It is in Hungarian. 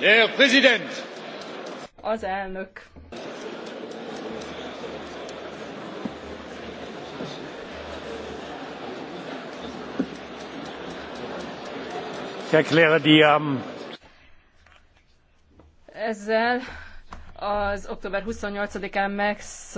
Der Präsident! Az elnök. Ich erkläre die am ähm, ezzel az október 28-án megsz